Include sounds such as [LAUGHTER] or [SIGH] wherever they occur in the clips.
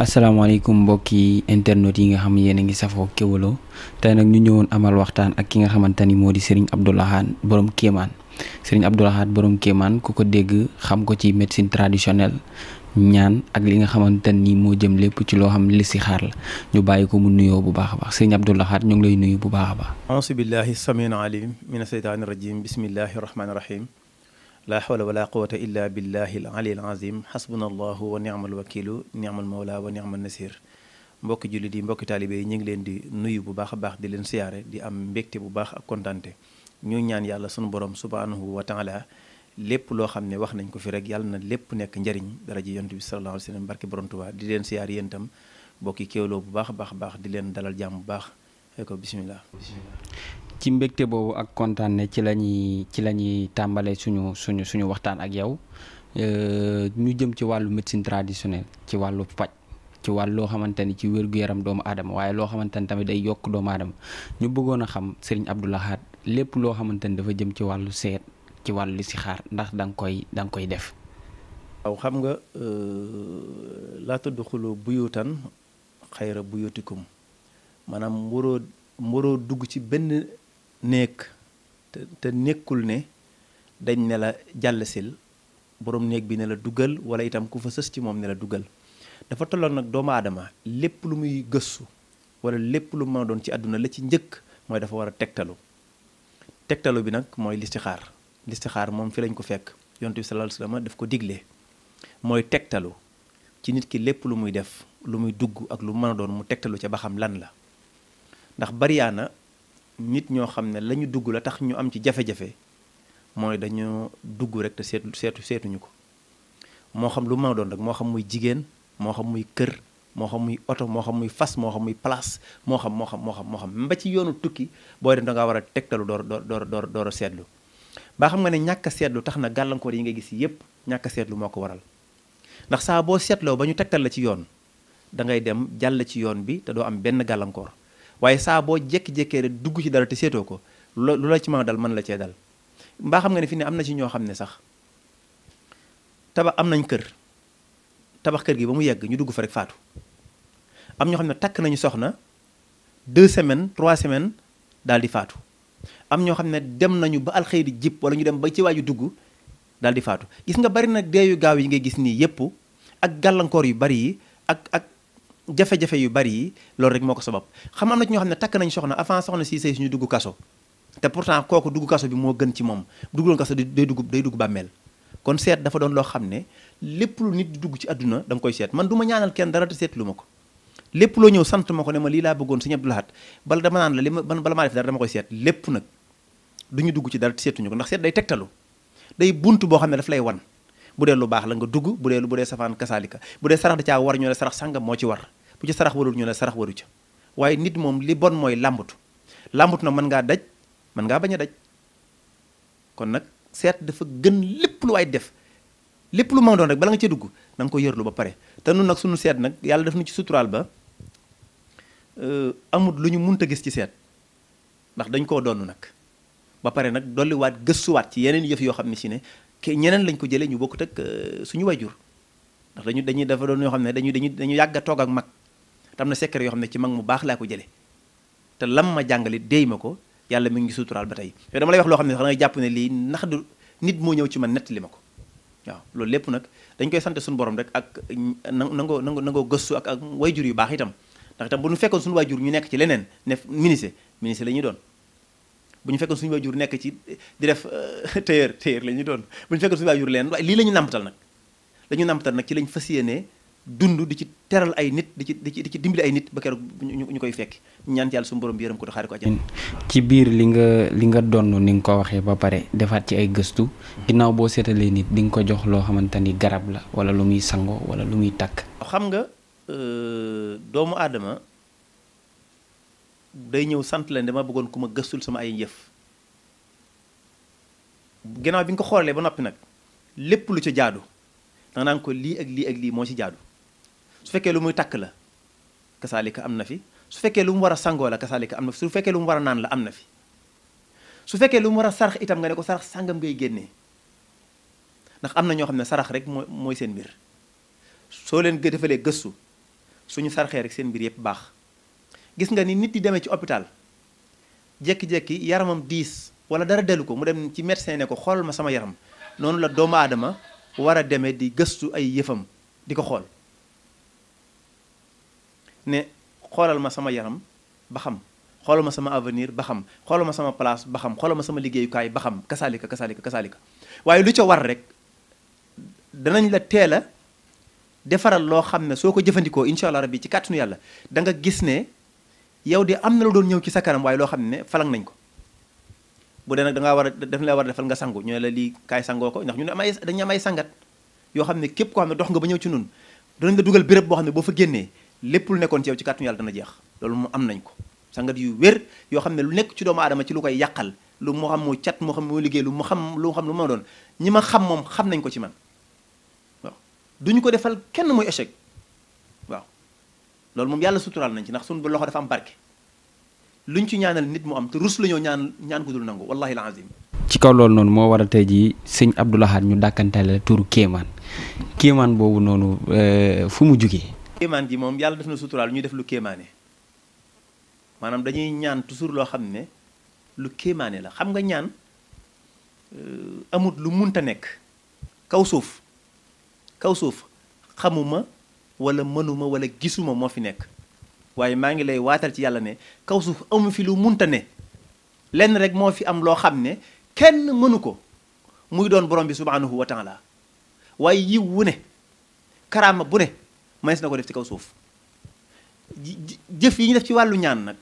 asalaamaaleykum mbokki internet yi nga xam yéen ngi safoo Kéwoulo te nag ñu ñëwoon amal waxtaan ak ki nga xamante ni moo di Serigne Abdou Lahad borom Kéemaan Serigne Abdou Lahad borom Kéemaan ku ko dégg xam ko ci médecine traditionnelle ñaan ak li nga xamante ni moo jëm lépp ci loo xam li si xaar la ñu bàyyi ko mu nuyoo bu baax a baax Serigne Abdou Lahad ñu ngi lay nuyu bu baax a baax. auzu billahi samiin alim laa xawla wala quwata illa billahi al ali al azim xasbuna allahu wa niamal wakilu niamal mawla wa niamal nasir mbokki jullit yi mbokki taalibe yi ñu ngi leen di nuyu bu baax a baax di leen siyaare di am mbégte bu baax ak kontante ñu ñaan yàlla sunu borom subhanahu wa taala lépp loo xam ne wax nañ ko fi rek yàlla na lépp nekk njariñ dara ji yonent bi sallallahu alayhi wa sallam barke borom Tuubaa di leen siyaar yéen itam mbokki kéwloo bu baax a baax baax di leen dalal jàmm bu baax ko bismillah ci mbégte boobu ak kontaan ne ci la ñuy ci la ñuy tàmbalee suñu suñu suñu waxtaan ak yow euh, ñu jëm ci wàllu médecine traditionnelle ci wàllu paj ci wàll loo xamante ni ci wér-gu-yaram doomu aadama waaye loo xamante ni tamit day yokk doomu aadama ñu bëggoon a xam sëriñ Abdou Lahad lépp loo xamante ni dafa jëm ci wàllu seet ci wàllu listixaar ndax danga koy danga koy def. waaw xam nga euh, laa tadxulu buyuutan xayra buyuutikum maanaam waroo waroo dugg ci benn néeg te te nekkul ne dañ ne la sil boroom néeg bi ne la dugal wala itam ku fa sës ci moom ne la dugal dafa tolloon nag doomu aadama lépp lu muy gëstu wala lépp lu mën doon ci àdduna la ci njëkk mooy dafa war a tegtalu tegtalu bi nag mooy xaar listixaar xaar moom fi lañ ko fekk yonent bi sallallahu alayhi daf ko digle mooy tegtalu ci nit ki lépp lu muy def lu muy dugg ak lu mën doon mu tegtalu ca ba xam lan la ndax bariyaana nit ñoo xam ne lañu dugg la tax ñu am ci jafe-jafe mooy dañoo dugg rek te seetu seetu seetuñu ko moo xam lu ma doon rek moo xam muy jigéen moo xam muy kër moo xam muy oto moo xam muy fas moo xam muy place moo xam moo xam moo xam moo xam ba ci yoonu tukki booy dem war a tegtalu door door door door a seetlu ba xam nga ne ñàkk seetlu tax na gàllankoor yi nga gis yépp ñàkk a seetlu moo ko waral ndax saa boo seetloo ba ñu tegtal la ci yoon da ngay dem jàll ci yoon bi te doo am benn gàllankoor waaye saaboo boo jékki rek dugg ci dara te seetoo ko lu la ci ma dal man la cee dal mbaa xam nga ne fi ne am na ci ñoo xam ne sax tabax am nañ kër tabax kër gi ba mu yegg ñu dugg fa rek faatu am ñoo xam ne takk nañu soxna deux semaine trois semaines daal di faatu am ñoo xam ne dem nañu ba alxeyri jib wala ñu dem ba ci waaju dugg daal di faatu gis nga bari na deeyu gaaw yi ngay gis nii yépp ak gàllankoor yu bari yi ak ak jafe-jafe yu bari yi loolu rek moo ko sabab xam am na ci ñoo xam ne takk nañ soxna avant soxna si sëy suñu dugg kaso te pourtant kooku dugg kaso bi moo gën ci moom dugguloon kaso day dugg day dugg bàmmeel kon seet dafa doon loo xam ne lépp lu nit di dugg ci àdduna da koy seet man du ma ñaanal kenn dara seetlu ma ko lépp loo ñëw sant ma ko ne ma lii laa bëggoon sëñ Abdou Lahad bala dama naan la li ma bala maa def dara dama lépp nag du ñu dugg ci dara te seetuñu ko ndax seet day tegtalu day bunt boo xam ne daf lay wan bu dee lu baax la nga dugg bu dee bu dee safaan kasaalika bu dee sarax war ñu ne sarax moo ci war bu ci sarax warul ñu ne sarax waru ca waaye nit moom li bon mooy làmbatu làmbatu na mën ngaa daj man ngaa bañ a daj kon nag seet dafa gën lépp lu waay def lépp lu ma doon rek bala nga cee dugg na nga ko yërlu ba pare te nun nag suñu seet nag yàlla def nu ci suturaal ba euh, amut lu ñu munta gis ci seet ndax dañ koo doon nag ba pare nag dolliwaat gëstuwaat ci yeneen yëf yoo xam ne si ne ke ñeneen lañ ko jëlee ñu bokkut ak euh, suñu wajur ndax dañu dañuy dafa doon yoo xam ne dañu dañu dañu yàgg ak mag te am na secret yoo xam ne ci mag mu baax laa ko jële te lam ma jàngale dey ma ko yàlla mu ngi suturaal ba tey yow dama lay wax loo xam ne sax dangay jàpp ne lii ndax du nit moo ñëw ci man nett li ma ko waaw loolu lépp nag dañ koy sant suñu borom rek ak na nangoo nangoo nangoo gëstu ak ak wayjur yu baax itam ndax itam bu ñu fekkoon suñu wayjur ñu nekk ci leneen ne ministre ministre la ñuy doon bu ñu fekkoon suñu wayjur nekk ci di def euh, tailleur tailleur la ñuy doon bu ñu fekkoon suñu wayjur leen lii la ñu nàmpatal nag la ñu nàmpatal nag ci lañ fas yéenee dund di ci teral ay nit di ci di ci di ay nit ba keroog ñu koy fekk ñaan yàlla suñu borom bi yërëm ko xaari ko àjjana ci biir li nga li nga donn ni nga ko waxee ba pare defaat ci ay gëstu ginnaaw boo seetalee nit di nga ko jox loo xamante ni garab la wala lu muy sangoo wala lu muy takk xam nga euh, doomu aadama day ñëw sant leen dama bëggoon ku ma gëstul sama ay yëf ginnaaw bi nga ko xoolee ba noppi nag lépp lu ci jaadu danga naan ko lii ak lii ak lii moo ci jaadu su fekkee lu muy takk la kasaalika am na fi su fekkee lu mu war a sangoo la kasaalika am na fi su fekkee lu mu war a naan la am na fi su fekkee lu mu war a sarax itam nga ne ko sarax sàngam ngay génnee ndax am na ñoo xam ne sarax rek mooy mooy seen mbir soo leen defalee gëstu suñu saraxee rek seen mbir yëpp baax gis nga ni nit di demee ci hôpital jékki-jékki yaramam diis wala dara dellu ko mu dem ci médecin ne ko xool ma sama yaram noonu la doomu aadama war a demee di gëstu ay yëfam di ko xool ne xoolal ma sama yaram ba xam xoolal ma sama avenir ba xam xoolal ma sama place ba xam xoolal ma sama liggéeyukaay ba xam kasaalika kasaalika kasaalika waaye lu ca war rek danañ la teel a defaral loo xam ne soo ko jëfandikoo incha allah rabbi ci kàttanu yàlla da nga gis ne yow de am na lu doon ñëw ci sa kanam waaye loo xam ne falang nañ ko bu dee nag da war a def la war a defal nga sangu ñu ne la lii kaay sangoo ko ndax ñu ne am ay sangat yoo xam ne képp koo xam ne dox nga ba ñëw ci nun danañ la dugal béréb boo xam ne boo fa génnee lépp lu nekkoon ci yow ci kàttanu yàlla dana jeex loolu mu am nañ ko sangat yu wér yoo xam ne lu nekk ci doomu adama ci lu koy yàqal lu moo xam moo cat moo xam moo liggéey lu mu xam lu xam lu ma doon ñi ma xam moom xam nañ ko ci man duñu ko defal kenn muy échec waaw loolu moom yàlla suturaal nañ ci ndax suñu loxo dafa am barke luñ ci ñaanal nit mu am te rus la ñaan ñaan ko dul nangu wallahi ci kaw loolu noonu moo waral tey jii sëñ Abdou Lahad ñu dàkkantale la turu Kéemaan boobu noonu euh, fu mu jugee. kéemaan ji moom yàlla def na suturaal ñu def lu kéemaane maanaam dañuy ñaan toujours loo xam ne lu kéemaane la xam nga ñaan euh, amut lu munta nekk kaw suuf kaw suuf xamuma wala mënuma wala gisuma moo fi nekk waaye maa ngi lay waatal ci yàlla ne kaw suuf amu fi lu munta ne lenn rek moo fi am loo xam ne kenn mënu ko muy doon borom bi subhanahu wa taala waaye yiw wu ne karaama bu ne mënees na ko def ci kaw suuf jëf yi ñu def ci wàllu ñaan nag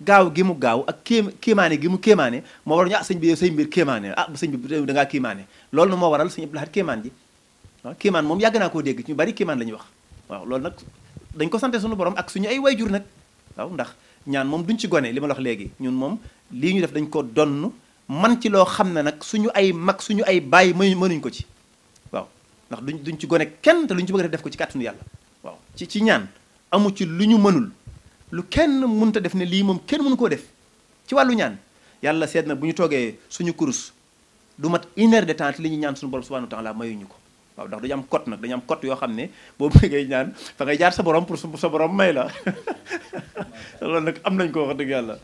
gaaw gi mu gaaw ak kéem kéemaane gi mu kéemaane moo waral ñu ah sëñ bi yow sëñ mbir kéemaane ah sëñ bi da ngaa kéemaane loolu na moo waral sëñ Abdou Lahad kéemaan ji waaw ah, kéemaan moom yàgg naa koo dégg ñu bari kéemaan la ñuy wax waaw loolu nag dañ ko sante suñu borom ak suñu ay wayjur nag waaw ndax ñaan moom duñ ci gone li ma la wax léegi ñun moom lii ñu def dañ ko donn man ci loo xam ne nag suñu ay mag suñu ay baay mënuñ ko ci waaw ndax duñ duñ ci gone kenn te luñ ci bëgg def def ko ci kàttanu yàlla ci ci ñaan amu ci lu ñu mënul lu kenn mun te def ne lii moom kenn mënu koo def ci wàllu ñaan yàlla seet na bu ñu toogee suñu kurus du mat une heure de temps li ñu ñaan suñu borom subhanahu wa taala mayuñu ko waaw ndax du am cote nag dañu am cote yoo xam ne boo bëggee ñaan fa ngay jaar sa borom pour sa borom may la [LAUGHS] loolu nag am nañ ko wax dëgg yàlla.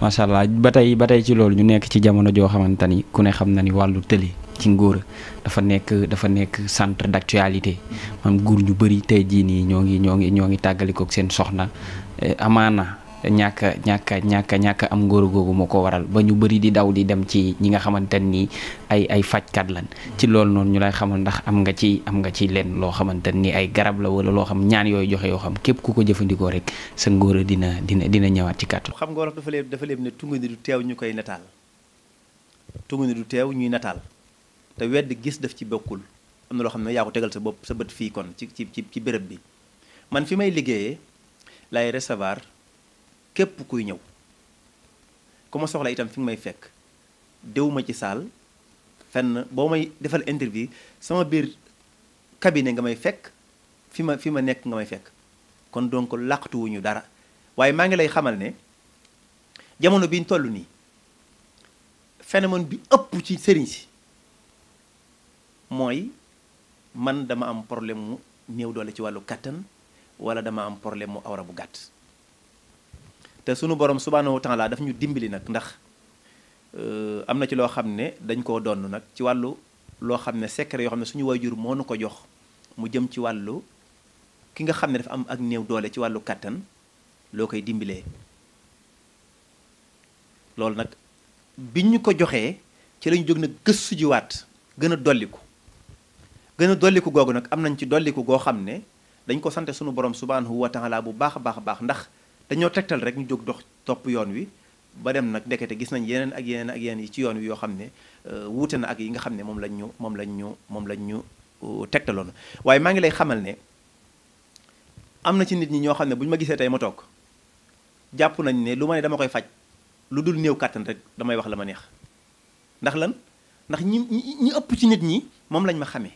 macha allah ba tey ba tey ci loolu ñu nekk ci jamono joo xamante ni ku ne xam na ni wàllu tëli. ci ngóor dafa nekk dafa nekk centre d'actualité maanaam góor ñu bëri tey jii nii ñoo ngi ñoo ngi ñoo ngi tàggalikook seen soxna eh, amaana ñàkk ñàkk a ñàkk ñàkk am ngóor googu moo ko waral ba ñu bëri di daw di dem ci ñi nga xamante nii ay ay fajkat lan ci loolu noonu ñu lay xamal ndax am nga ci am nga ci lenn loo xamante ni ay garab la wala loo xam ñaan yooyu joxe yoo xam képp ku ko jëfandikoo rek sa ngóor dina dina dina ñëwaat ci kàttu. xam nga wolof dafa léeb dafa léeb ne tungu ni du teew ñu koy nataal tungu ni teew ñuy nataal te wedd gis def ci bokkul am na loo xam ne yaa ko tegal sa bopp sa bët fii kon ci ci ci ci béréb bi man fi may liggéeyee lay resevoir képp kuy ñëw ku ma soxla itam fi nga may fekk dewuma ci saal fenn boo may defal interview sama biir cabinet nga may fekk fi ma fi ma nekk nga may fekk kon donc làqatuwuñu dara waaye maa ngi lay xamal ne jamono biñ toll nii phénomène bi ëpp ci sëriñ si mooy man dama am problème mu néew doole ci wàllu kàttan wala dama am problème mu awara bu gàtt te sunu borom subhaanahu wa taala daf ñu dimbali nag ndax euh, am na ci loo xam ne dañ koo donn nag ci wàllu loo xam ne secret yoo xam ne suñu wayjur moo nu ko jox mu jëm ci wàllu ki nga xam ne dafa am ak néew doole ci wàllu kàttan loo koy dimbilee loolu nag bi ñu ko joxee ci lañu jóg nag gëstu jiwaat gën a dolliku gën a dolliku googu nag am nañ ci dolliku goo xam ne dañ ko sante sunu borom subhanahu wa laa bu baax a baax baax ndax dañoo tegtal rek ñu jóg dox topp yoon wi ba dem nag ndekete gis nañ yeneen ak yeneen ak yeneen yi ci yoon wi yoo xam ne euh, wuute na ak yi nga xam ne moom lañ ñu moom lañ ñu moom lañ ñu euh, tegtaloon waaye maa ngi lay xamal ne am na ci nit ñi ñoo xam ne bu ma gisee tey ma toog jàpp nañ ne lu ma dama koy faj lu dul néew kàttan rek damay wax la ma neex ndax lan ndax ñi ëpp ci nit ñi moom lañ ma xame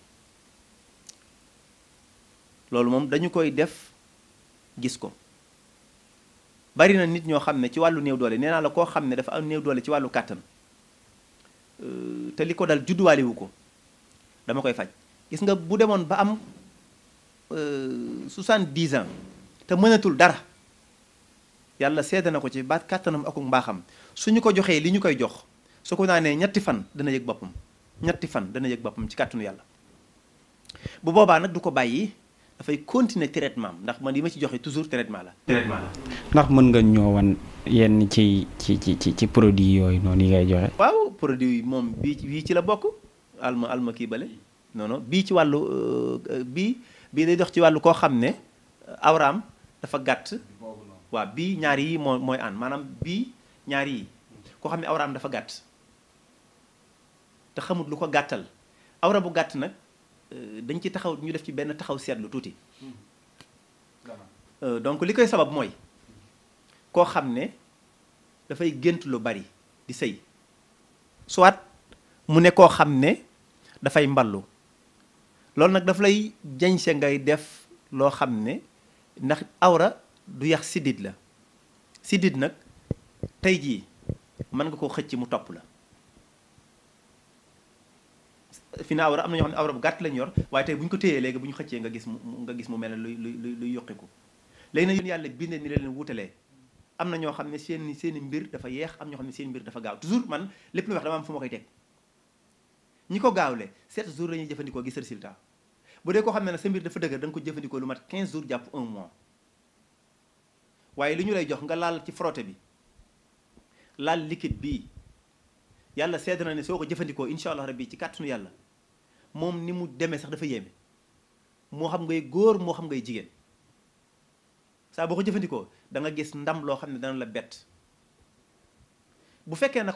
loolu moom dañu koy def gis ko bari na nit ñoo xam ne ci wàllu néew doole nee naa la koo xam ne dafa am néew doole ci wàllu kàttan euh, te li ko dal judduwaale ko dama koy faj gis nga bu demoon ba am euh, soixante-dix ans te mënatul dara yàlla seede na ko ci ba kàttanam ak mbaaxam su ñu ko joxee li ñu koy jox su ko naanee ñetti fan dana yëg boppam ñetti fan dana yëg boppam ci kàttanu yàlla bu boobaa nag du ko bàyyi. dafay continuer traitement ndax man yi ma ci joxe toujours traitement la. traitement la ndax mën nga ñëwoon yenn ci ci ci ci produit yooyu noonu yi ngay joxe. waaw produit yi moom bii bii ci la bokk alma alma kii bale non bii ci wàllu euh, bii bii day dox ci wàllu koo xam ne awraam dafa gàtt. waaw bii ñaar yi mooy ànd maanaam bii ñaari yi koo xam ne awraam dafa gàtt te xamut lu ko gàttal awra bu gàtt nag. Euh, dañ ci taxaw ñu def ci benn taxaw seetlu tuuti hmm. euh, donc li koy sabab mooy koo xam ne dafay gént lu bari di sëy soit mu ne koo xam ne dafay mballu loolu nag daf lay jañse ngay def loo xam ne ndax awra du yax sidit la sidit nag tey jii mën nga koo xëcc mu topp la fi na awra am na ñoo xam ne awra bu gàtt lañu yor waaye tey bu ñu ko téyee léegi bu ñu xëccee nga gis mu nga mu mel ne luy luy luy yokkiku léegi nag yéen yàlla bindee ni leen wutalee am na ñoo xam ne seen seen mbir dafa yeex am ñoo xam ne seen mbir dafa gaaw toujours man lépp lu wax dama am fu ma koy teg ñi ko gaawle sept jours la ñuy jëfandikoo gis résultat bu dee koo xam ne nag sa mbir dafa dëgër da nga ko jëfandikoo lu mat 15 jours jàpp un mois waaye li ñu lay jox nga laal ci frotté bi laal liquide bii yàlla seet na ne soo ko jëfandikoo incha allah rabbi ci kàttanu yàlla moom ni mu demee sax dafa yéeme moo xam ngay góor moo xam ngay jigéen saa boo ko jëfandikoo da nga gis ndam loo xam ne dana la bett bu fekkee nag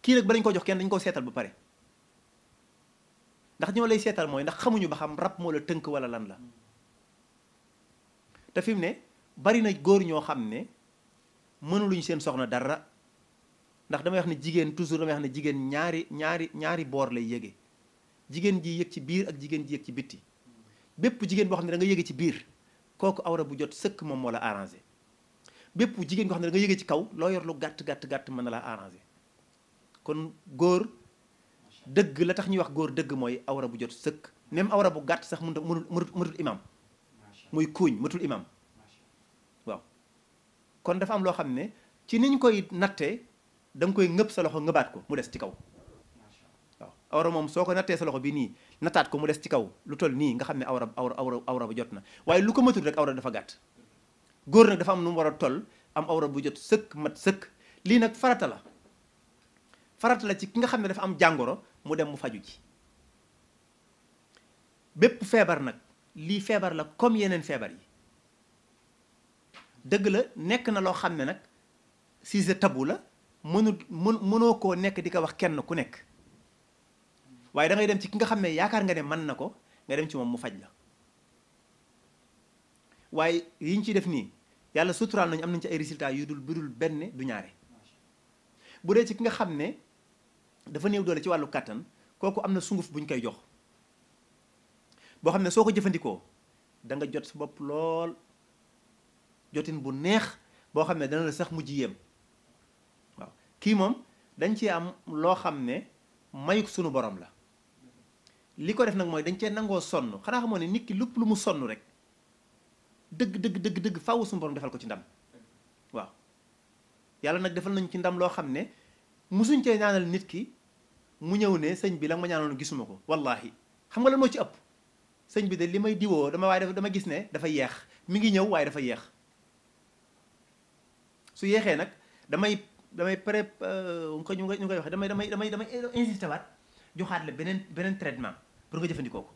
kii rek ba lañ ko jox kenn dañ ko seetal ba pare ndax ñoo lay seetal mooy ndax xamuñu ba xam rab moo la tënk wala lan la te fi ne bari na góor ñoo xam ne mënuluñ seen soxna dara ndax damay wax ne jigéen toujours damay wax ne jigéen ñaari ñaari ñaari boor lay yëge jigéen ji yég ci biir ak jigéen ji yëg ci bitti bépp jigéen boo xam ne danga nga yëge ci biir kooku awra bu jot sëkk moom moo la arrangé bépp jigéen boo xam ne da nga ci kaw loo yor lu gàtt gàtt gàtt mën na la arrangé kon góor dëgg la tax ñuy wax góor dëgg mooy awra bu jot sëkk même awra bu gàtt sax mënut mënut mënut imam muy kuuñ mëtul imam waaw kon dafa am loo xam ne ci niñ koy nattee da koy ngëpp sa loxo ngëbaat ko mu des ci kaw awra moom soo ko nattee sa loxo bi nii nattaat ko mu des ci kaw lu toll nii nga xam ne awra awra awra bu jot na waaye lu ko matul rek awra dafa gàtt góor nag dafa am nu mu war a toll am awra bu jot sëkk mat sëkk lii nag farata la farata la ci ki nga xam ne dafa am jàngoro mu dem mu faju ji bépp feebar nag lii feebar la comme yeneen feebar yi dëgg la nekk na loo xam ne nag sujet tabu la mënu mën mënoo koo nekk di ko wax kenn ku nekk waaye da dem ci ki nga xam ne yaakaar nga ne mën na ko nga dem ci moom mu faj la waaye yi ñu ciy def nii yàlla suturaal nañu am nañ ci ay résultats yu dul budul benn du ñaare bu dee ci ki nga xam ne dafa néew doole ci wàllu kàttan kooku am na sunguf buñ koy jox boo xam ne soo ko jëfandikoo danga jot sa bopp lool jotin bu neex boo xam ne dana la sax mujj yéem waaw kii moom dañ ci am loo xam ne mayuk sunu borom la li ko def nag mooy dañ cee nangoo sonn xanaa xamoo ne nit ki lépp lu mu sonn rek dëgg dëgg dëgg dëgg faaw suñu borom defal ko ci ndam waaw. yàlla nag defal nañu ci ndam loo xam ne musuñ cee ñaanal nit ki mu ñëw ne sëñ bi la ma ñaanoon gisuma ko wallaahi xam nga la moo ci ëpp sëñ bi de li may diwoo dama waaye dama gis ne dafa yeex mi ngi ñëw waaye dafa yeex su yeexee nag damay damay pré euh, ñu koy ñu koy waxee damay damay damay damay insisté waat joxaat la beneen beneen pour nga jëfandikoo ko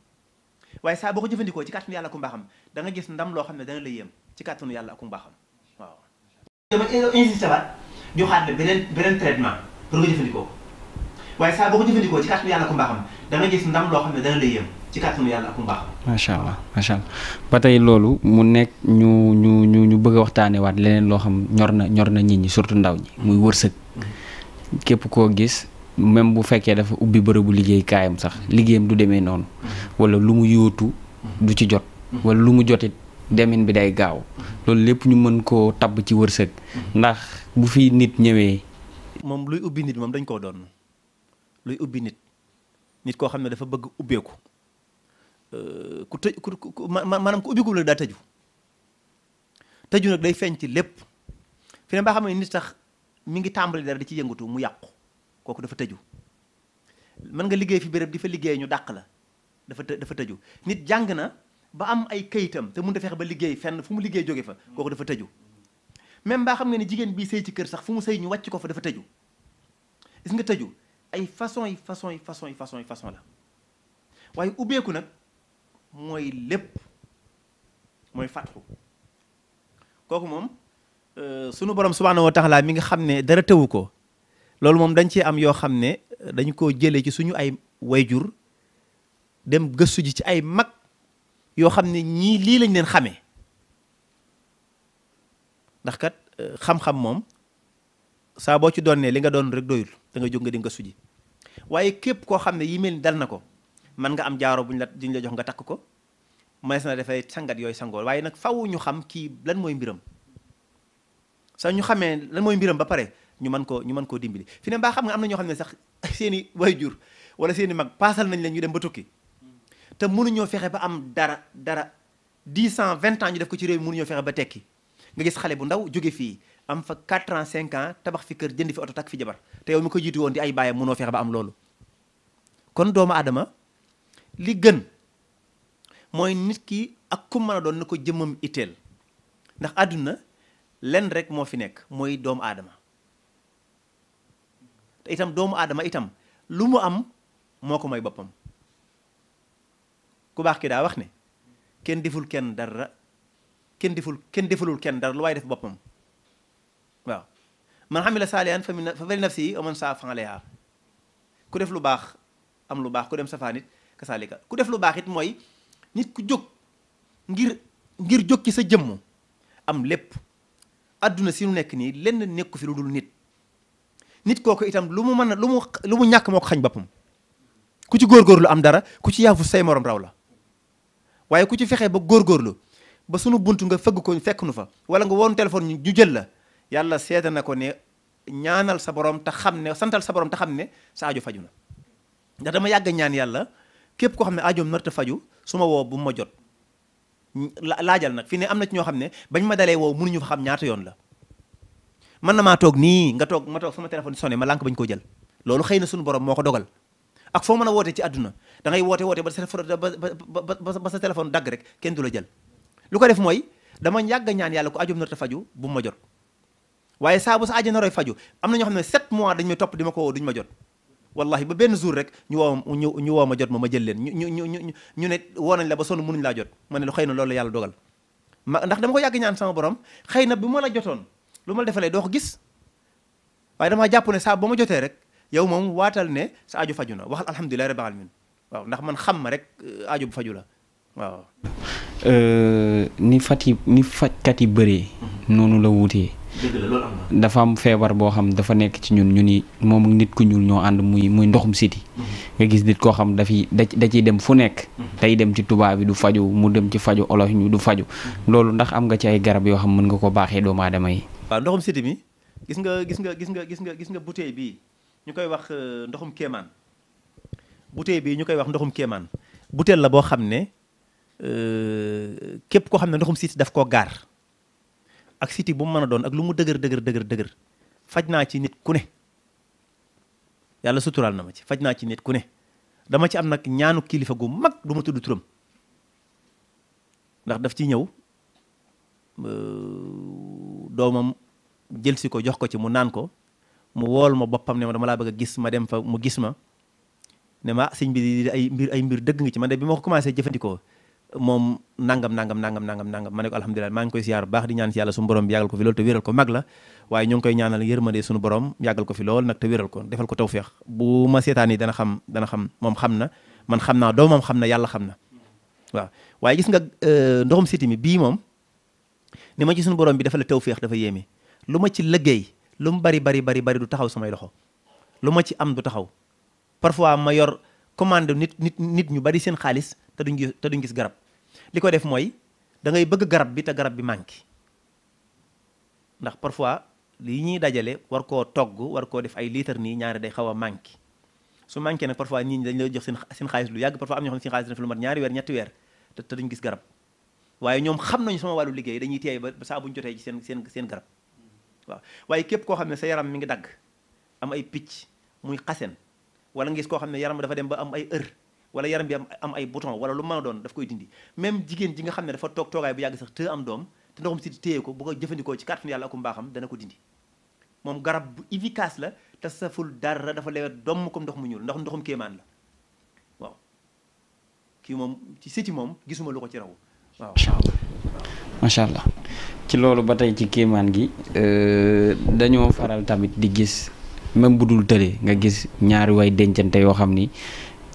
waaye saa boo ko jëfandikoo ci kàttanu yàlla ku mbaaxam da gis ndam loo xam ne dana la yéem ci kàttanu yàlla ak mbaaxam waaw. dama insisté waat joxaat la beneen beneen traitement ko waaye da gis ndam loo xam ne dana la yéem ci kàttanu allah macha allah ba tey loolu mu nekk ñu ñu ñu ñu bëgg a waxtaanee waat leneen loo xam ñor na ñor na nit ñi surtout ndaw ñi muy wërsëg képp koo gis même bu fekkee dafa ubbi bërëbu liggéeykaayam kaayam sax liggéeyam du demee noonu wala lu mu yóotu du ci jot wala lu mu jotit demin bi day gaaw loolu lépp ñu mën koo tabb ci wërsëg ndax bu fi nit ñëwee moom luy ubbi nit moom dañ koo doon luy ubbi nit nit koo xam ne dafa bëgg ubbeeku euh, ku tëj ku maanaam ku ubbeeku la daa tëju tëju nag day feeñ ci lépp fi ne baa xam ne nit sax mu ngi tàmbali dara di ci yëngatu mu yàqu kooku dafa tëju mën nga liggéey fi béréb di fa liggéey ñu dàq la dafa dafa tëju nit jàng na ba am ay kayitam te mënut a fexe ba liggéey fenn fu mu liggéey jóge fa kooku dafa tëju même baa xam nga ne jigéen bii sëy ci kër sax fu mu sëy ñu wàcc ko fa dafa tëju gis nga tëju ay façon yi façon yi façon yi façon yi façon la waaye ubbeeku nag mooy lépp mooy fatxu kooku moom euh, sunu borom subhanahu wa taala mi nga xam ne dara tëwu ko loolu moom dañ ci am yoo xam ne dañu koo jëlee ci suñu ay wayjur dem gëstu ji ci ay mag yoo xam ne ñii lii lañ leen xamee ndax kat euh, xam-xam moom saa boo ci doon ne li nga doon rek doyul da nga jóg nga dem gëstu ji waaye képp koo xam ne yi mel dal na ko mën nga am jaaro buñ la duñ la jox nga takk ko mënees na dafay sangat yooyu sangool waaye nag faw ñu xam kii lan mooy mbiram sa ñu xamee lan mooy mbiram ba pare ñu mën koo ñu mën koo dimbali fi ne xam nga am na ñoo xam ne sax [LAUGHS] seen i waajur wala seeni i mag paasal nañ leen ñu dem ba tukki te mënuñoo fexe ba am dara dara dix ans vingt ans ñu def ko ci réew mi mënuñoo fexe ba tekki nga gis xale bu ndaw jóge fii am fa quatre ans tabax fi kër jënd oto takk fi jabar te yow mi ko jiitu woon di ay bàyyam mënoo fexe ba am loolu kon doomu aadama li gën mooy nit ki ak ku doon na ko jëmmam itteel ndax àdduna lenn rek moo fi nekk mooy doomu aadama te itam doomu aadama itam lu mu am moo ko may boppam ku baax ki daa wax ne kenn deful kenn dara kenn deful kenn defulul kenn dara lu waaye def boppam waaw man xamila saalihan fa li nafsihi wa man saa fa alayha ku def lu baax am lu baax ku dem safaan it ka saalika ku def lu baax it mooy nit ku jóg ngir ngir jóg ci sa jëmm am lépp adduna si nu nekk nii lenn nekku fi lu dul nit nit kooku itam lu mu mën a lu mu lu mu ñàkk moo ko xañ boppam ku ci góorgóorlu am dara ku ci yaafu say moroom raw la waaye ku ci fexe ba góorgóorlu ba sunu bunt nga fëgg ko fekk nu fa wala nga woon téléphone ñu jël la yàlla seeta na ko ne ñaanal sa borom te xam ne santal sa borom te xam ne sa aajo faju na ndax dama yàgg ñaan yàlla képp koo xam ne aajoom narta faju su ma woo bu ma jot laajal nag fi ne am na ci ñoo xam ne bañ ma dalee woo mënuñu fa xam ñaata yoon la man na maa toog nii nga toog ma toog sama téléphone sonné ma lànk bañ ko jël loolu xëy na suñu borom moo ko dogal ak foo mën a wootee ci àdduna da ngay woote woote ba sa ba sa téléphone dagg rek kenn du la jël lu ko def mooy dama yàgg ñaan yàlla ko ajum narta faju bu ma jot waaye saa bu sa ajo naroy am na ñoo xam ne 7 mois dañ may topp di ma ko ma jot wallahi ba benn jour rek ñu woo ñu ñu woo ma jot ma ma jël leen ñu ñu ñu ñu ne woo nañ la ba sonn mënuñ laa jot ma ne lu xëy na loolu yàlla dogal ma ndax dama ko yàgg ñaan sama borom xëy na bi ma la jotoon lu ma defalee doo ko gis waaye dama jàpp ne saa ba ma jotee rek yow moom waatal ne sa ajo faju na waxal alhamdulilah rabbil alamin waaw ndax man xam ma rek euh, ajo bu faju la waaw. Euh, ni fat yi ni fajkat yi bëree. Mhm. noonu la wutee. dafa am feebar boo xam dafa nekk ci ñun ñu ni moom nit ku ñuul ñoo ànd muy muy ndoxum siti mhm. nga gis nit koo xam dafiy da da ciy dem fu nekk mhm. tey dem ci tubaab bi du faju mu dem ci faju olof ñu du faju loolu ndax am nga ci ay garab yoo xam mën nga ko baaxee doomu aadama yi waaw ndoxum siti mi gis nga gis nga gis nga gis nga gis nga bouteille bii ñu koy wax euh, ndoxum kéemaan bouteille bii ñu koy wax ndoxum kéemaan bouteille la boo xam ne euh, képp koo xam ne ndoxum siti daf koo gaar ak siti bu mu mën a doon ak lu mu dëgër dëgër dëgër dëgër faj naa ci nit ku ne yàlla suturaal na ma ci faj naa ci nit ku ne dama ci am nag ñaanu kilifa gu mag duma tudd turam ndax daf ci ñëw euh, doomam jël si ko jox ko ci mu naan ko mu wool ma boppam ne ma dama laa bëgg gis ma dem fa mu gis ma ne ma ah, sëñ bi ay mbir ay mbir dëgg nga ci man de bi ma ko jëfandikoo moom nangam nangam nangam nangam nangam ma ne ko maa ngi koy siyaar baax di ñaan si yàlla suñu borom bi yàggal ko fi lool la waaye ñu ngi koy ñaanal yërmande suñu borom yàggal ko fi lool nag te wéral ko defal ko tawféex bu ma seetaan yi dana xam dana xam moom xam na man xam naa doomam xam na yàlla xam na waaw waaye gis nga euh, ndoxum siti mi bii moom ni ma ci suñu borom bi dafa la feex dafa yéeme lu ma ci liggéey lu mu bari bari bari bari du taxaw samay loxo lu ma ci am du taxaw parfois ma yor commande nit nit nit ñu bari seen xaalis te duñ gis te duñ gis garab li ko def mooy da ngay bëgg garab bi te garab bi manqué ndax parfois li ñuy dajale war koo togg war koo def ay litre a manqué su manqué nag parfois nit ñi dañ lay jox seen xaalis lu yàgg parfois am ñoo xam ne seen xaalis dina fi lu mat ñaari weer sama wàllu liggéey dañuy teey ba saa jotee ci seen seen seen garab waaw waaye képp koo xam ne sa yaram mi ngi dagg am ay picc muy xasen wala nga koo xam ne yaram dafa dem ba am ay ër wala yaram bi am am ay bouton wala lu mën a doon daf koy dindi même jigéen ji nga xam ne dafa toog toogaay bu yàgg sax te am doom te ndoxum si téye ko bu ko jëfandikoo ci kàttanu yàlla akum mbaaxam dana ko dindi moom garab bu efficace la te ful dara dafa lewet doom comme ndox mu ñuul ndax ndoxum kéemaan la waaw kii moom ci siti moom gisuma lu ko ci raw waaw macha allah. ci loolu ba tey ci kéemaan gi euh, dañoo faral tamit di gis même bu dul tële nga gis ñaari way dencante yoo xam ni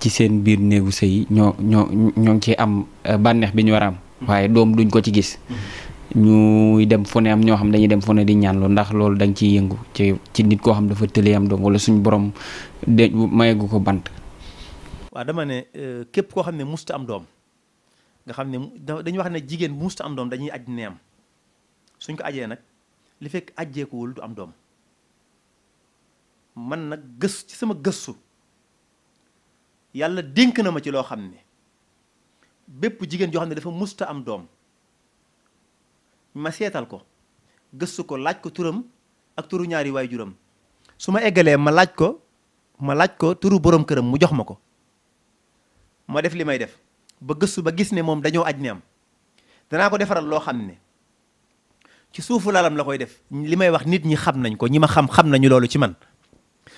ci seen biir néegu sëy ñoo ñoo ñoo ngi ciy am euh, bànneex bi ñu war a am. Mm-hmm. waaye doom duñ ko ci gis. Mm-hmm. ñuy dem fone am ñoo xam dañuy dem fu ne di ñaanlu ndax loolu da nga ciy yëngu ci nit koo xam dafa tële am doom wala suñu borom de mayagu ko bant. waa dama ne euh, képp koo xam ne musta am doom. nga xam ne dañuy wax ne jigéen bu musta am doom dañuy aj neem suñ ko ajee nag li fekk ajjeekuwul du am doom man nag gës ci sama gëstu yàlla dénk na ma ci loo xam ne bépp jigéen joo xam ne dafa musta am doom ma seetal ko gëstu ko laaj ko turam ak turu ñaari waay juram su ma eggalee ma laaj ko ma laaj ko turu borom këram mu jox ma ko ma def li may def ba gëstu ba gis ne moom dañoo aj ne am danaa ko defaral loo xam ne ci suufu lalam la koy def li may wax nit ñi xam nañ ko ñi ma xam xam nañu loolu ci man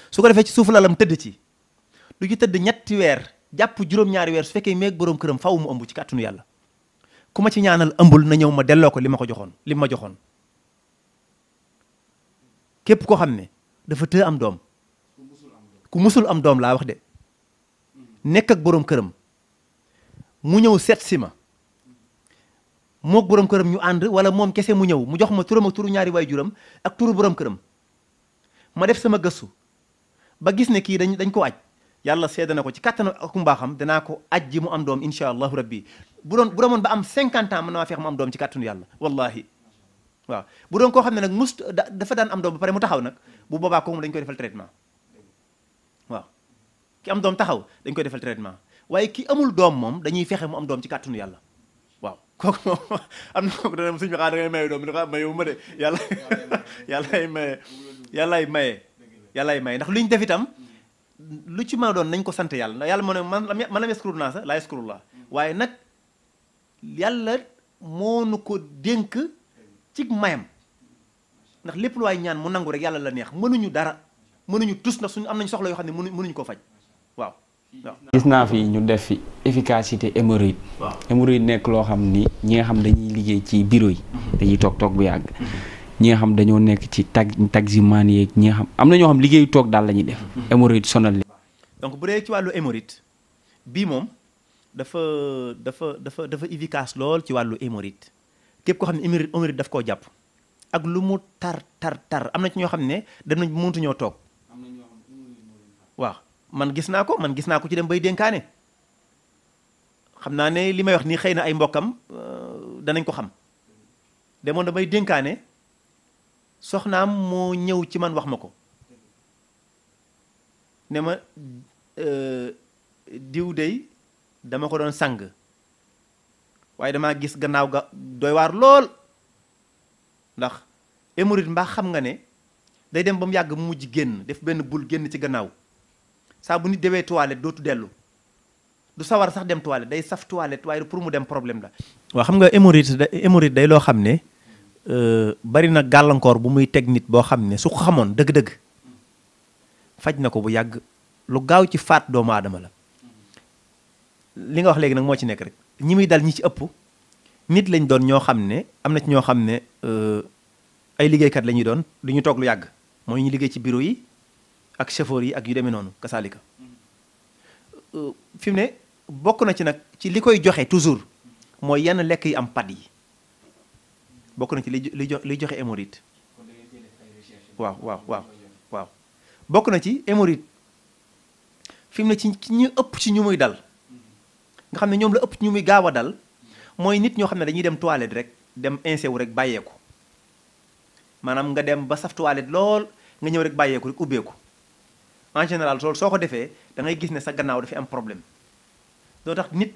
su ko defee ci suufu lalam tëdd ci lu ci tëdd ñetti weer jàpp juróom-ñaari weer su fekkee meeg boroom këram faw mu ëmb ci kàttanu yàlla ku ma ci ñaanal ëmbul na ñëw ma delloo ko li ma ko joxoon li ma joxoon képp koo xam ne dafa të am doom ku musul am doom laa wax de nekk ak boroom këram mu ñëw seet si ma mook borom këram ñu ànd wala moom kese mu ñëw mu jox ma turam ma turu ñaari waajuram ak turu borom këram ma def sama gëstu ba gis ne kii dañ dañ ko aj yàlla seede na ko ci kattan ak mbaaxam danaa ko aj ji mu am doom incha allahu rabbi bu doon ba am 50 ans mën naa feex mu am doom ci kattanu yàlla wallahi waaw bu doon koo xam ne nag mus dafa daan am doom ba pare mu taxaw nag bu boobaa kooku dañ koy defal traitement waaw ki am doom taxaw dañ koy defal traitement. waaye ki amul doom moom dañuy fexe mu am doom ci kàttanu yàlla waaw kooku moom [LAUGHS] am na kooku dana suñu waxaa da ngay maye doom bi mayu ma de yàlla [LAUGHS] yàllaay maye yàllaay maye yàllaay maye ndax luñ def itam lu ci mën a doon nañ ko sant yàlla ndax yàlla moo ne man man lam yaskuru naa sa laa yaskuru laa waaye nag yàlla moo ci mayam ndax lépp lu ñaan mu nangu rek yàlla la neex mënuñu dara mënuñu tus ndax suñu am nañ soxla yoo xam ne mënuñ mënuñu ko faj waaw gis naa fi ñu def fi efficacité hémorroïde hémorroïde nekk loo xam ni ñi nga xam dañuy liggéey ci bureau yi mhm. dañuy toog toog bu yàgg mhm. ñi nga xam dañoo nekk ci tag taximan yeeg ñi nga xam am na ñoo xam liggéeyu toog daal lañuy def mhm. hémorroïde sonal li donc bu dee ci wàllu hémorroïde bii moom dafa dafa dafa dafa efficace lool ci wàllu hémorroïde képp ko xam ne hémorroïde hémorroïde daf koo jàpp ak lu mu tar tar am na ci ñoo xam ne danañ mëntu ñoo toog man gis naa ko man gis naa ko ci dem bay dénkaane xam naa ne li may wax nii xëy na ay mbokkam euh, danañ ko xam demoon damay dénkaane soxnaam moo ñëw ci man wax ma ko ne ma euh, diw dey dama ko doon sang waaye damaa gis gannaaw ga doy waar lool ndax émorite mbaa xam nga ne day dem ba mu yàgg mu mujj génn def benn bul génn ci gannaaw saa bu nit demee toilette dootu dellu du sawar sax dem toilette day saf toilette waaye pour mu dem problème la. waa xam nga hémorroïde da day loo xam ne euh, bari na gàllankoor bu muy teg nit boo xam ne su ko xamoon dëgg-dëgg faj na ko bu yàgg lu gaaw ci faat doomu aadama la li nga wax léegi nag moo ci nekk rek ñi muy dal ñi ci ëpp nit lañ doon ñoo xam ne am na ci ñoo xam ne euh, ay liggéeykat la ñuy doon du ñu toog lu yàgg mooy ñu liggéey ci bureau yi. ak chauffeur yi ak yu demee noonu kasaalika fi ne bokk na ci nag ci li koy joxe toujours mooy yenn lekk yi am pat yi bokk na ci li li joxe hémorroïde waaw waaw waaw waaw bokk na ci hémorroïde fi mu ne ci ñu ëpp ci ñu muy dal nga xam ne ñoom la ëpp ci ñu muy gaaw a dal mooy nit ñoo xam ne dañuy dem toilette rek dem insé wu rek bàyyeeku maanaam nga dem ba saf toilette lool nga ñëw rek bàyyeeku rek ubbeeku en général loolu soo ko defee da ngay gis ne sa gannaaw dafay am problème loo tax nit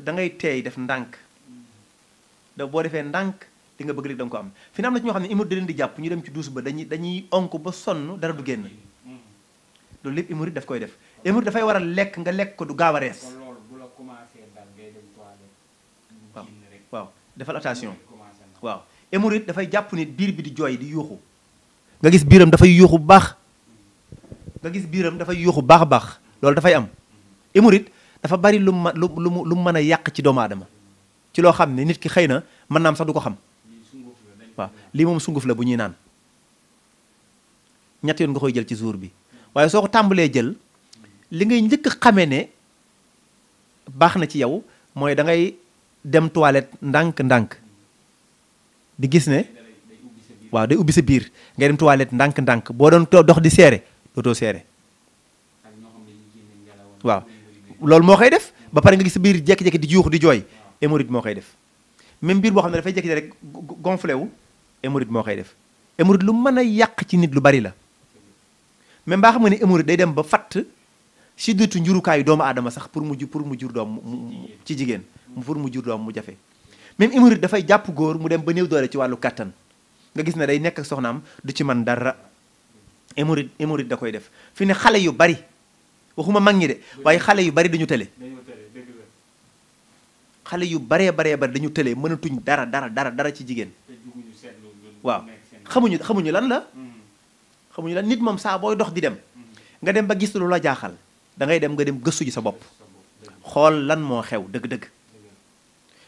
da ngay teey def ndànk da boo defee ndànk li nga bëgg rek da ko am fi na am na ci ñoo xam ne imurit da leen di jàpp ñu dem ci duus ba dañuy dañuy onk ba sonn dara du génn loolu lépp imurit daf koy def imurit dafay war a lekk nga lekk ko du gaaw a rees waaw waaw defal attention waaw imurit dafay jàpp nit biir bi di jooy di yuuxu nga gis biiram dafay yuuxu bu baax nga gis biiram dafay yuuxu baax a baax loolu dafay am imurit dafa bari lu mu lu lu lu mën a yàq ci doomu aadama ci loo xam ne nit ki xëy na mën naam sax du ko xam waaw lii moom sunguf la bu ñuy naan ñett yoon nga koy jël ci jour bi waaye soo ko tàmbalee jël li ngay njëkk xamee ne baax na ci yow mooy da ngay dem toilette ndànk-ndànk di gis ne waaw day ubbi sa biir ngay dem toilette ndànk-ndànk boo doon dox di seere dootoo seere waaw loolu moo koy def ba pare nga gis biir jékki-jékki di juux di jooy hémorroïde moo koy def même biir boo xam ne dafay jékki rek gonflé wu hémorroïde moo koy def hémorroïde lu mën a yàq ci nit lu bari la même baa xam nga ni hémorroïde day dem ba fatt si dutu njurukaayu doomu aadama sax pour mu pour mu jur doom ci jigéen pour mu jur doom mu jafe même hémorroïde dafay jàpp góor mu dem ba néew doole ci wàllu kàttan nga gis ne day nekk ak soxnaam du ci man dara hémorroïde hémorroïde da koy def fi ne xale yu bari waxuma mag ñi de waaye xale yu bari dañu tële xale yu baree baree bari dañu tële mënatuñ dara dara dara dara ci jigéen waaw xamuñu xamuñu lan la hmm. xamuñu lan nit moom saa booy dox di dem hmm. nga dem ba gis lu la jaaxal dangay dem nga dem gëstu ji sa bopp xool lan moo xew dëgg-dëgg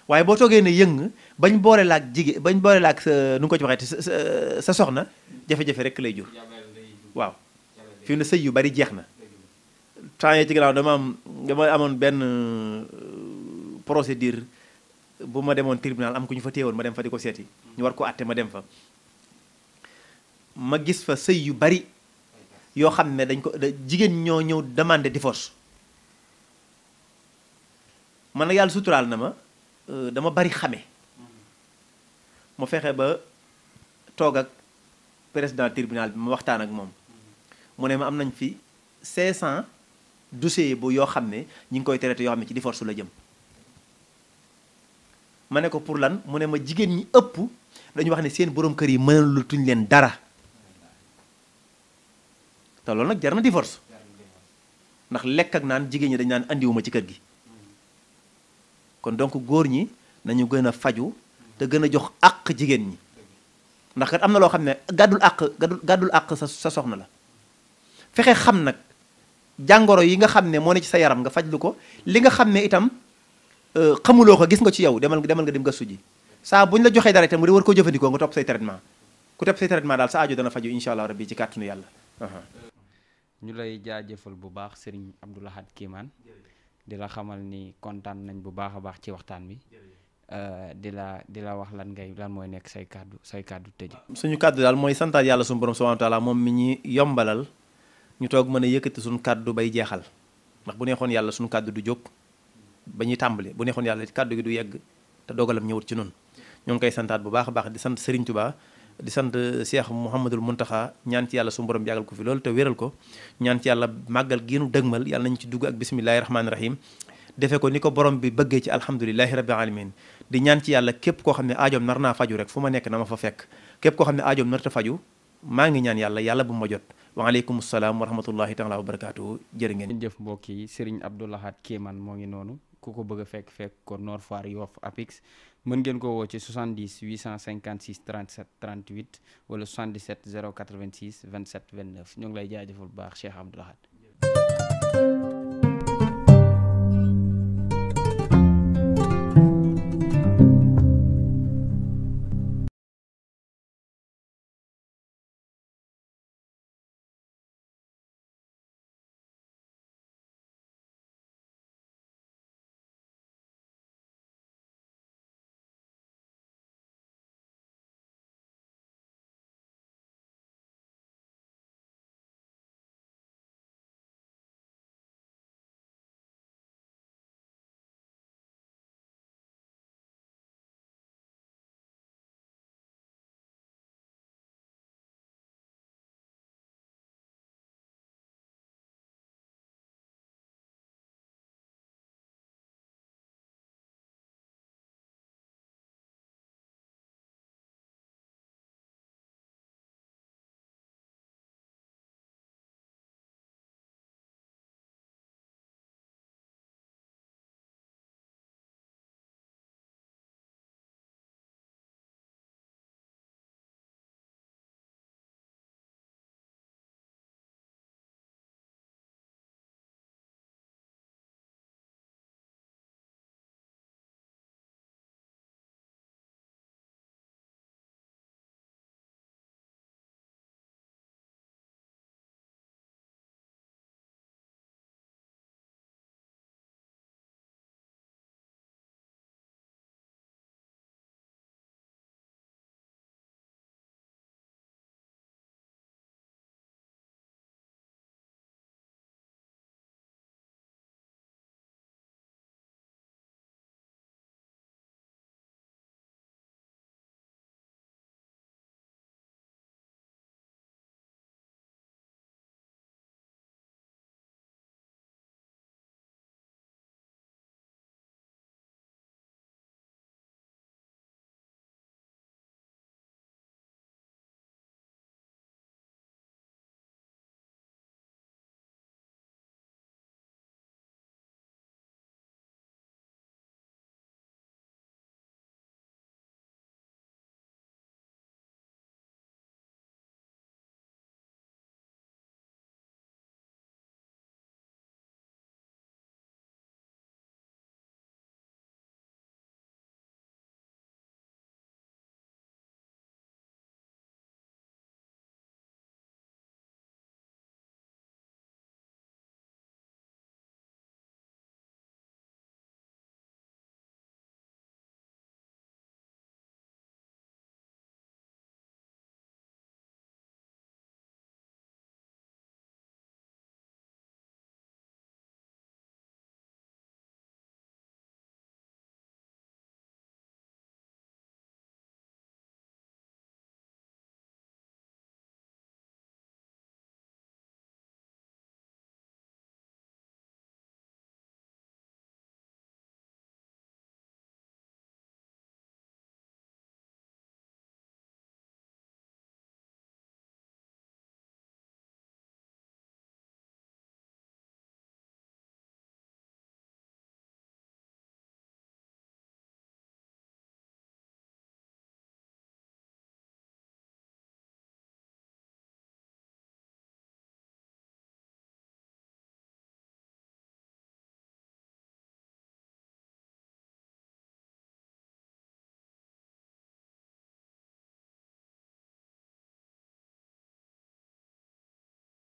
waaye boo toogee ne yëng bañ boole laak jigéen bañ boole laak sa nu ko ci waxee sa sa soxna jafe-jafe rek lay jur waaw fi mu ne sëy yu bari jeex na temps yee ci dama am dama amoon benn euh, procédure bu ma demoon tribunal am ku ñu fa téewoon ma dem fa di ko seeti ñu war ko àtte ma dem fa ma gis fa sëy yu bari yoo xam ne dañ ko jigéen ñoo ñëw demandé divorce man nag yàlla suturaal na ma euh, dama bari xame mu mm-hmm. fexe ba toog ak président tribunal bi ma waxtaan ak moom mu ne ma am nañ fi 500 dossiers bu yoo xam ne ñi ngi koy traité yoo xam ne ci divorce la jëm ma ne ko pour lan mu ne ma jigéen ñi ëpp dañu wax ne seen boroom kër yi mënalatuñ leen dara te loolu nag jar na divorce ndax lekk ak naan jigéen ñi dañ naan andiwuma ci kër gi kon donc góor ñi nañu gën a faju te gën a jox àq jigéen ñi ndax kat am na loo xam ne gàddul àq gàddul gàddul àq sa soxna la fexe xam nag jàngoro yi nga xam ne moo ne ci sa yaram nga fajlu ko li nga xam ne itam euh, xamuloo ko gis nga ci yow demal demal nga dem gëstu ji saa buñ la joxee dara itam war koo jëfandikoo nga traitement ku topp say traitement daal sa aajo dana faju incha allah rabbi uh-huh. lay jaajëfal bu baax Serigne Abdou Lahad Kimane di xamal ni kontaan nañ bu baax a baax ci waxtaan bi euh, di la di la wax lan ngay lan mooy nekk say kàddu say kàddu tëj. suñu kàddu daal mooy santaat yàlla suñu borom subhanahu wa moom mi ñi yombalal. ñu toog mën a yëkkati suñu kàddu bay jeexal ndax bu neexoon yàlla suñu kàddu du jóg ba ñu tàmbali bu neexoon yàlla kàddu yi du yegg te dogalam ñëwut ci noonu ñoo ngi koy santaat bu baax a baax di sant Serigne Touba di sant Cheikh Mouhamadul Mountakha ñaan ci yàlla su borom yàggal ko fi loolu te wéral ko ñaan ci yàlla màggal géenu dëgmal yàlla nañu ci dugg ak bisimillahi rahmaani rahim defe ko ni ko borom bi bëggee ci alhamdulilahi rabbil alamin di ñaan ci yàlla koo xam ne aajoom nar naa faju rek fu ma nekk na ma fa fekk képp koo xam ne aajoom narta faju maa ngi ñaan yàlla yàlla bu ma jot waaleykum salaam wa rahmatullahi taala wa barakaatu jërë ngeen jëf mbokk yi Serigne Abdou Lahad Kémane moo ngi noonu ku ko bëgg fekk fekk ko Nord Foire Yoff Apix mën ngeen ko woo ci 70 856 37 38 wala 77 086 27 29 ñu ngi lay jaajëfal bu baax Cheikh Abdou Lahad